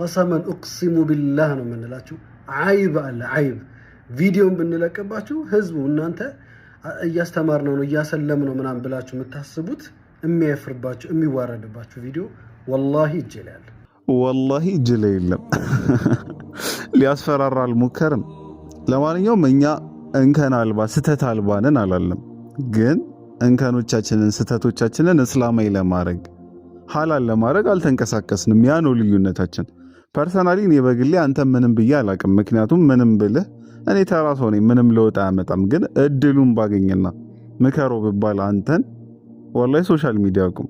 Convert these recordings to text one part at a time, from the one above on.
ቀሰመን እቅሲሙ ቢላህ ነው የምንላችሁ። አይብ አለ አይብ። ቪዲዮን ብንለቅባችሁ ህዝቡ እናንተ እያስተማርነው ነው እያሰለም ነው ምናምን ብላችሁ የምታስቡት የሚያፍርባችሁ የሚዋረድባችሁ ቪዲዮ ወላሂ እጄ ላይ አለ፣ ወላሂ እጄ ላይ የለም። ሊያስፈራራ አልሞከርም። ለማንኛውም እኛ እንከን አልባ ስተት አልባንን አላለም፣ ግን እንከኖቻችንን ስተቶቻችንን እስላማዊ ለማድረግ ሀላል ለማድረግ አልተንቀሳቀስንም። ያ ነው ልዩነታችን። ፐርሰናሊ እኔ በግሌ አንተ ምንም ብዬ አላቅም። ምክንያቱም ምንም ብልህ እኔ ተራ ሰው ነኝ፣ ምንም ለውጥ አያመጣም። ግን እድሉን ባገኝና ምከሮ ብባል አንተን ወላይ ሶሻል ሚዲያ ቁም፣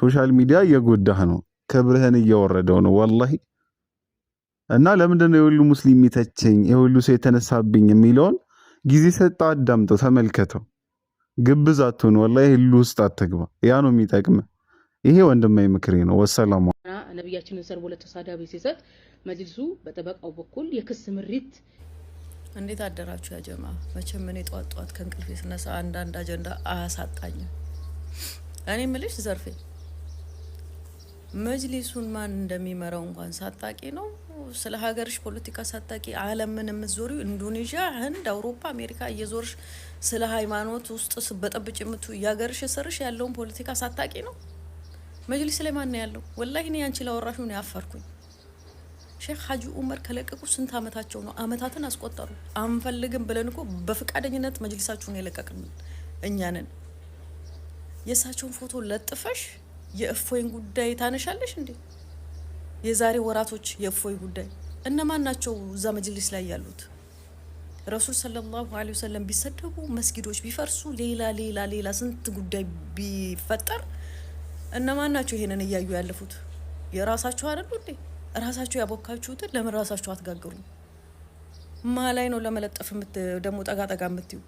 ሶሻል ሚዲያ እየጎዳህ ነው፣ ክብርህን እያወረደው ነው ወላሂ። እና ለምንድን ነው የሁሉ ሙስሊም የሚተቸኝ የሁሉ ሰው የተነሳብኝ የሚለውን ጊዜ ሰጣ፣ አዳምጠው፣ ተመልከተው። ግብዝ አትሁን፣ ወላሂ ሁሉ ውስጥ አትግባ። ያ ነው የሚጠቅም። ይሄ ወንድማዊ ምክሬ ነው። ወሰላሙ ነቢያችንን ሰርቦ ለተሳዳቢ ሲሰጥ መጅልሱ በጠበቃው በኩል የክስ ምሪት እንዴት አደራችሁ ያጀማ። መቼም እኔ ጧት ጧት ከእንቅልፌ ስነሳ አንዳንድ አጀንዳ አያሳጣኝም። እኔ ምልሽ ዘርፌ መጅሊሱን ማን እንደሚመራው እንኳን ሳጣቂ ነው። ስለ ሀገርሽ ፖለቲካ ሳታቂ ዓለምን የምትዞሪው ኢንዶኔዥያ፣ ህንድ፣ አውሮፓ፣ አሜሪካ እየዞርሽ ስለ ሃይማኖት ውስጥ በጠብጭ የምት የሀገርሽ ስርሽ ያለውን ፖለቲካ ሳታቂ ነው። መጅሊስ ላይ ማን ያለው? ወላሂ እኔ አንቺ ላወራሽ ነው ያፈርኩኝ። ሼክ ሀጂ ኡመር ከለቀቁ ስንት አመታቸው ነው? አመታትን አስቆጠሩ። አንፈልግም ብለን እኮ በፈቃደኝነት መጅሊሳችሁን የለቀቅን እኛንን። የእሳቸውን ፎቶ ለጥፈሽ የእፎይን ጉዳይ ታነሻለሽ እንዴ? የዛሬ ወራቶች የእፎይ ጉዳይ እነማን ናቸው እዛ መጅሊስ ላይ ያሉት? ረሱል ሰለላሁ ዐለይሂ ወሰለም ቢሰደቡ፣ መስጊዶች ቢፈርሱ፣ ሌላ ሌላ ሌላ ስንት ጉዳይ ቢፈጠር እነማን ናቸው ይሄንን እያዩ ያለፉት? የራሳችሁ አይደሉ እንዴ? ራሳችሁ ያቦካችሁትን ለምን ራሳችሁ አትጋግሩ? ማ ላይ ነው ለመለጠፍ ደግሞ ጠጋጠጋ የምትዩ?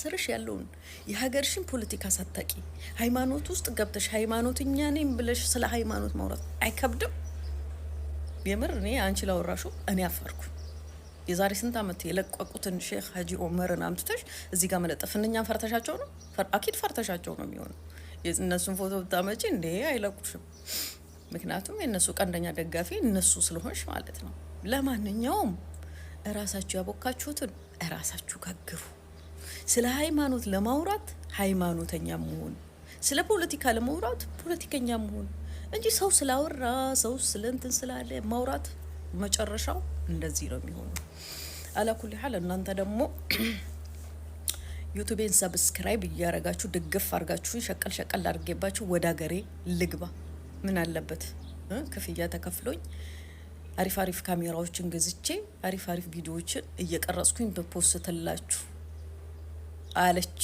ስርሽ ያለውን የሀገርሽን ፖለቲካ ሳታቂ ሃይማኖት ውስጥ ገብተሽ ሃይማኖት እኛ ነኝ ብለሽ ስለ ሃይማኖት ማውራት አይከብድም? የምር እኔ አንቺ ላወራሹ እኔ አፈርኩ። የዛሬ ስንት ዓመት የለቀቁትን ሼክ ሀጂ ኦመርን አምጥተሽ እዚህ ጋር መለጠፍ እኛን ፈርተሻቸው ነው? አኪድ ፈርተሻቸው ነው የሚሆነው እነሱን ፎቶ ብታመጪ እንዴ አይለቁሽም። ምክንያቱም የእነሱ ቀንደኛ ደጋፊ እነሱ ስለሆንሽ ማለት ነው። ለማንኛውም እራሳችሁ ያቦካችሁትን እራሳችሁ ጋግሩ ስለ ሃይማኖት ለማውራት ሃይማኖተኛ መሆን፣ ስለ ፖለቲካ ለማውራት ፖለቲከኛ መሆን እንጂ ሰው ስላወራ ሰው ስለ እንትን ስላለ ማውራት መጨረሻው እንደዚህ ነው የሚሆኑ። አላኩል ያህል እናንተ ደግሞ ዩቱቤን ሰብስክራይብ እያረጋችሁ ድግፍ አርጋችሁ ሸቀል ሸቀል አድርጌባችሁ ወደ ሀገሬ ልግባ። ምን አለበት ክፍያ ተከፍሎኝ አሪፍ አሪፍ ካሜራዎችን ገዝቼ አሪፍ አሪፍ ቪዲዮዎችን እየቀረጽኩኝ በፖስትላችሁ አለች።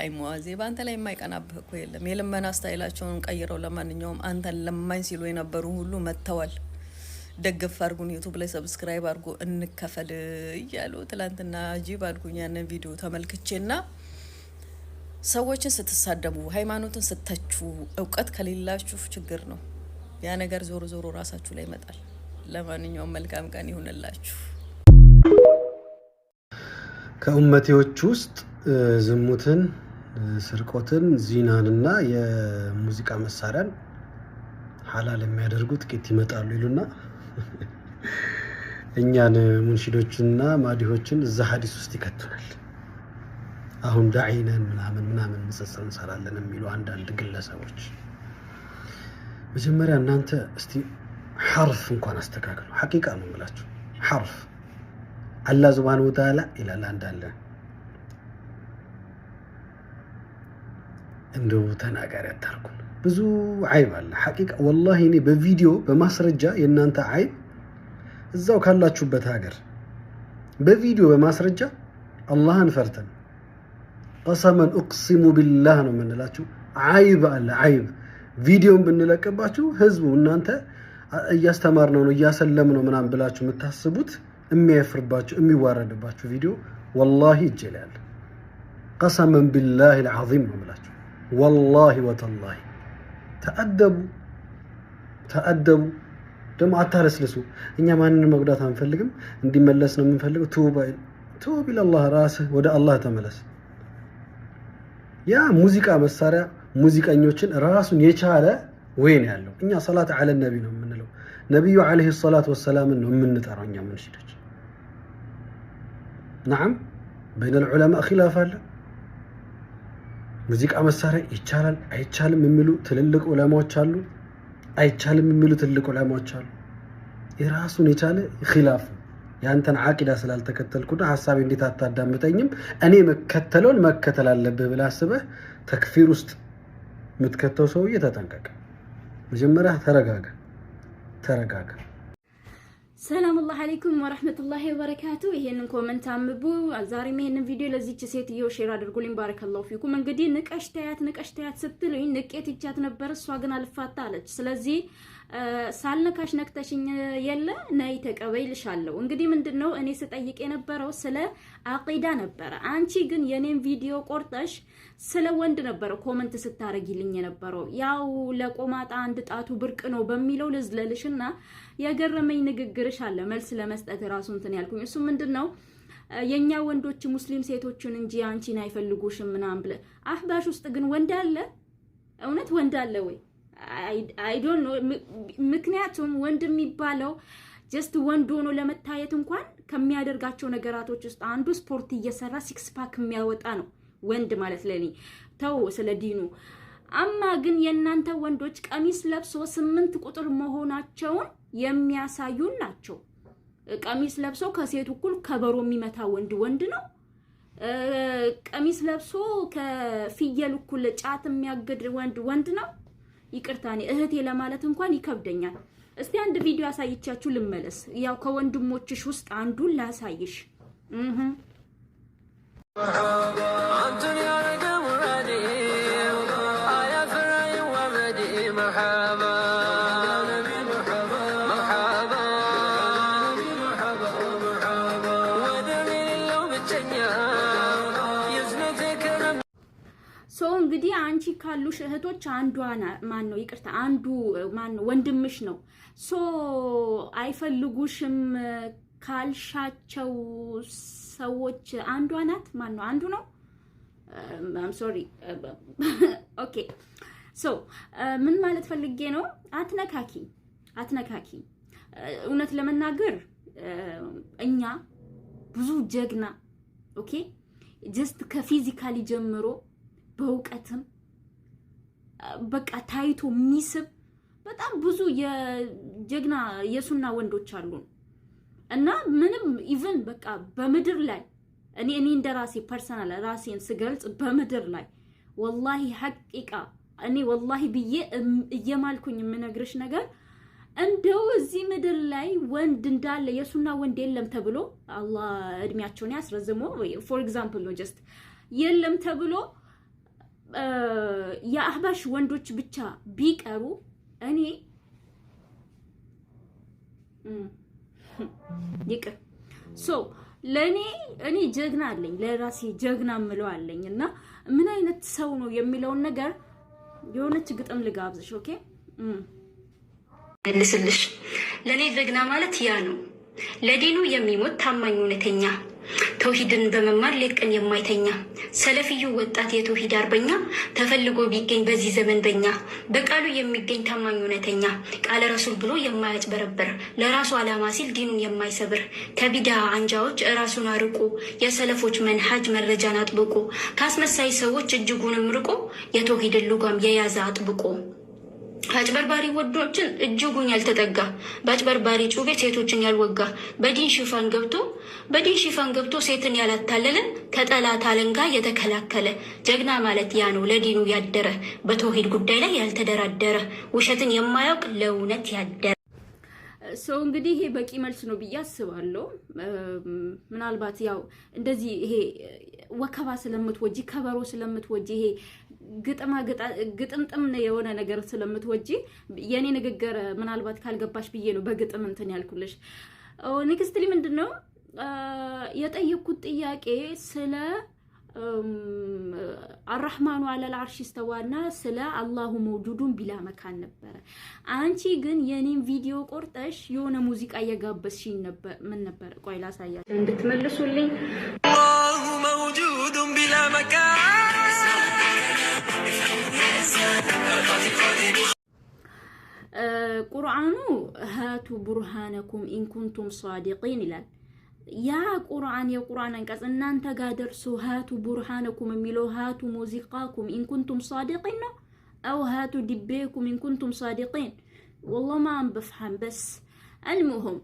አይ ሙአዜ በአንተ ላይ የማይቀናብህ እኮ የለም። የልመና ስታይላቸውን ቀይረው ለማንኛውም አንተን ለማኝ ሲሉ የነበሩ ሁሉ መጥተዋል። ደገፍ አድርጉን ዩቱብ ላይ ሰብስክራይብ አድርጉ እንከፈል እያሉ ትላንትና ጅብ አድርጉኝ ያንን ቪዲዮ ተመልክቼ ና ሰዎችን ስትሳደቡ፣ ሃይማኖትን ስተቹ፣ እውቀት ከሌላችሁ ችግር ነው። ያ ነገር ዞሮ ዞሮ ራሳችሁ ላይ ይመጣል። ለማንኛውም መልካም ቀን ይሁንላችሁ። ከኡመቴዎች ውስጥ ዝሙትን፣ ስርቆትን፣ ዚናንና የሙዚቃ መሳሪያን ሀላል የሚያደርጉ ጥቂት ይመጣሉ ይሉና እኛን ሙንሽዶችንና ማዲሆችን እዛ ሀዲስ ውስጥ ይከቱናል። አሁን ዳዒነን ምናምን ምናምን ንጽጽር እንሰራለን የሚሉ አንዳንድ ግለሰቦች መጀመሪያ እናንተ እስቲ ሐርፍ እንኳን አስተካክሉ። ሐቂቃ ነው የምላችሁ ሐርፍ አላህ ሱብሓነሁ ወተዓላ ይላል አንዳለን እንደው ተናጋሪ አታርጉን። ብዙ አይብ አለ ሐቂቃ ወላሂ። እኔ በቪዲዮ በማስረጃ የእናንተ አይብ እዛው ካላችሁበት ሀገር በቪዲዮ በማስረጃ አላህን ፈርተን ቀሰመን እቅሲሙ ቢላህ ነው የምንላችሁ። አይብ አለ አይብ። ቪዲዮን ብንለቅባችሁ ህዝቡ እናንተ እያስተማርነው ነው እያሰለም ነው ምናምን ብላችሁ የምታስቡት የሚያፍርባችሁ የሚዋረድባችሁ ቪዲዮ ወላሂ ይጀላል። ቀሰመን ቢላህ ልዓዚም ነው የምላችሁ ወላሂ ወተላሂ ተአደቡ ተአደቡ። ደግሞ አታለስልሱ። እኛ ማንን መጉዳት አንፈልግም፣ እንዲመለስ ነው የምንፈልገው። ቱብ ኢለላህ፣ ራስህ ወደ አላህ ተመለስ። ያ ሙዚቃ መሳሪያ ሙዚቀኞችን ራሱን የቻለ ወይን ያለው እኛ ሰላት አለ ነቢ ነው የምንለው። ነቢዩ ዓለይሂ ሰላት ወሰላምን ነው የምንጠራው እኛ ሙንሽዶች። ነዓም በይነል ዑለማ ኪላፍ አለ ሙዚቃ መሳሪያ ይቻላል አይቻልም የሚሉ ትልልቅ ዑለማዎች አሉ፣ አይቻልም የሚሉ ትልልቅ ዑለማዎች አሉ። የራሱን የቻለ ኪላፍ የአንተን አቂዳ ስላልተከተልኩና ሀሳቤ እንዴት አታዳምጠኝም? እኔ መከተለውን መከተል አለብህ ብለህ አስበህ ተክፊር ውስጥ የምትከተው ሰውዬ ተጠንቀቀ። መጀመሪያ ተረጋጋ፣ ተረጋጋ። ሰላም አላህ አለይኩም ወራህመቱላሂ ወበረካቱ። ይሄንን ኮመንት አንብቡ። ዛሬም ይሄንን ቪዲዮ ለዚች ሴትዮ ሼር አድርጉልኝ። ባረከላሁ ፊኩም። እንግዲህ ንቀሽ ተያት ንቀሽ ተያት ስትሉኝ ንቄት ይቻት ነበር፣ እሷ ግን አልፋታ አለች። ስለዚህ ሳልነካሽ ነክተሽኝ የለ ነይ ተቀበይ ልሻለሁ። እንግዲህ ምንድን ነው እኔ ስጠይቅ የነበረው ስለ አቂዳ ነበረ። አንቺ ግን የኔን ቪዲዮ ቆርጠሽ ስለ ወንድ ነበረ ኮመንት ስታረጊልኝ የነበረው። ያው ለቆማጣ አንድ ጣቱ ብርቅ ነው በሚለው ልዝለልሽና የገረመኝ ንግግርሽ አለ መልስ ለመስጠት ራሱ እንትን ያልኩኝ እሱ ምንድን ነው የኛ ወንዶች ሙስሊም ሴቶችን እንጂ አንቺን አይፈልጉሽም ምናምን ብለ አህባሽ ውስጥ ግን ወንድ አለ? እውነት ወንድ አለ ወይ? ዶንት ኖ ምክንያቱም ወንድ የሚባለው ጀስት ወንድ ሆኖ ለመታየት እንኳን ከሚያደርጋቸው ነገራቶች ውስጥ አንዱ ስፖርት እየሰራ ሲክስ ፓክ የሚያወጣ ነው ወንድ ማለት ለኔ። ተው ስለ ዲኑ። አማ ግን የእናንተ ወንዶች ቀሚስ ለብሶ ስምንት ቁጥር መሆናቸውን የሚያሳዩን ናቸው። ቀሚስ ለብሶ ከሴት እኩል ከበሮ የሚመታ ወንድ ወንድ ነው። ቀሚስ ለብሶ ከፍየል እኩል ጫት የሚያግድ ወንድ ወንድ ነው። ይቅርታ እኔ እህቴ ለማለት እንኳን ይከብደኛል። እስቲ አንድ ቪዲዮ አሳይቻችሁ ልመለስ። ያው ከወንድሞችሽ ውስጥ አንዱን ላሳይሽ። ካሉሽ እህቶች አንዷ ማን ነው? ይቅርታ አንዱ ማን ነው? ወንድምሽ ነው። ሶ አይፈልጉሽም ካልሻቸው ሰዎች አንዷ ናት። ማን ነው? አንዱ ነው። ሶሪ ኦኬ። ሶ ምን ማለት ፈልጌ ነው? አትነካኪ፣ አትነካኪ። uh, እውነት ለመናገር uh, እኛ ብዙ ጀግና ኦኬ ጀስት ከፊዚካሊ ጀምሮ በእውቀትም በቃ ታይቶ የሚስብ በጣም ብዙ የጀግና የሱና ወንዶች አሉን እና ምንም ኢቭን በቃ በምድር ላይ እኔ እኔ እንደ ራሴ ፐርሰናል ራሴን ስገልጽ በምድር ላይ ወላሂ ሐቂቃ እኔ ወላሂ ብዬ እየማልኩኝ የምነግርሽ ነገር እንደው እዚህ ምድር ላይ ወንድ እንዳለ የሱና ወንድ የለም ተብሎ አላህ እድሜያቸውን ያስረዝሞ ፎር ኤግዛምፕል ነው ጀስት የለም ተብሎ የአህባሽ ወንዶች ብቻ ቢቀሩ እኔ ይቅር ሶ ለእኔ እኔ ጀግና አለኝ ለራሴ ጀግና ምለው አለኝ እና ምን አይነት ሰው ነው የሚለውን ነገር የሆነች ግጥም ልጋብዝሽ። ኦኬ መልስልሽ። ለእኔ ጀግና ማለት ያ ነው፣ ለዲኑ የሚሞት ታማኝ እውነተኛ፣ ተውሂድን በመማር ሌት ቀን የማይተኛ ሰለፊዩ ወጣት የቶሂድ አርበኛ ተፈልጎ ቢገኝ በዚህ ዘመን በኛ በቃሉ የሚገኝ ታማኝ እውነተኛ ቃለ ረሱል ብሎ የማያጭበረብር ለራሱ ዓላማ ሲል ዲኑን የማይሰብር ከቢዳ አንጃዎች ራሱን አርቆ የሰለፎች መንሃጅ መረጃን አጥብቆ ከአስመሳይ ሰዎች እጅጉንም ርቆ የትውሂድን ልጓም የያዘ አጥብቆ አጭበርባሪ ወዶችን እጅጉን ያልተጠጋ በአጭበርባሪ ጩቤ ሴቶችን ያልወጋ በዲን ሽፋን ገብቶ በዲን ሽፋን ገብቶ ሴትን ያላታለለ ከጠላት አለንጋ የተከላከለ ጀግና ማለት ያ ነው። ለዲኑ ያደረ በተውሂድ ጉዳይ ላይ ያልተደራደረ ውሸትን የማያውቅ ለእውነት ያደረ ሰው እንግዲህ ይሄ በቂ መልስ ነው ብዬ አስባለሁ። ምናልባት ያው እንደዚህ ይሄ ወከባ ስለምትወጂ ከበሮ ስለምትወጂ ይሄ ግጥማ ግጥምጥም የሆነ ነገር ስለምትወጂ የኔ ንግግር ምናልባት ካልገባሽ ብዬ ነው በግጥም እንትን ያልኩልሽ። ኔክስትሊ ምንድን ነው የጠየኩት ጥያቄ ስለ አራህማኑ አለል አርሽ ስተዋና ስለ አላሁ መውጁዱን ቢላ መካን ነበረ። አንቺ ግን የኔን ቪዲዮ ቆርጠሽ የሆነ ሙዚቃ እየጋበዝሽኝ ነበር። ምን ነበር? ቆይ ላሳያችሁ እንድትመልሱልኝ አላሁ መውጁዱን ቢላ መካን ቁርአኑ ሀቱ ቡርሃነኩም ኢንኩንቱም ሳዲቂን ይላል። ያ ቁርአን የቁርአን አንቀጽ እናንተ ጋር ደርሶ ሃቱ ቡርሃነኩም የሚለው ሃቱ ሙዚቃኩም ኢንኩንቱም ሳዲቂን ነው። አው ሃቱ ዲቤኩም ኢንኩንቱም ሳዲቂን ወላሂ ማን በፍሐም በስ አልሙሁም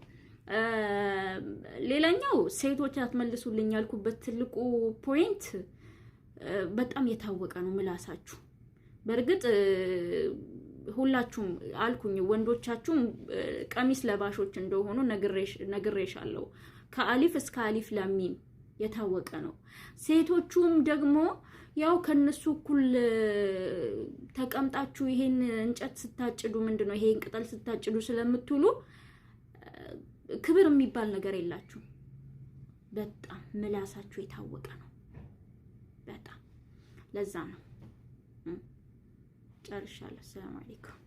ሌላኛው ሴቶች ያትመልሱልኝ ያልኩበት ትልቁ ፖይንት በጣም የታወቀ ነው ምላሳችሁ በእርግጥ ሁላችሁም አልኩኝ ወንዶቻችሁም ቀሚስ ለባሾች እንደሆኑ ነግሬሻለሁ። ከአሊፍ እስከ አሊፍ ለሚም የታወቀ ነው። ሴቶቹም ደግሞ ያው ከነሱ እኩል ተቀምጣችሁ ይሄን እንጨት ስታጭዱ ምንድን ነው ይሄን ቅጠል ስታጭዱ ስለምትውሉ ክብር የሚባል ነገር የላችሁ። በጣም ምላሳችሁ የታወቀ ነው። በጣም ለዛ ነው ጨርሻለሁ። ሰላም አለይኩም።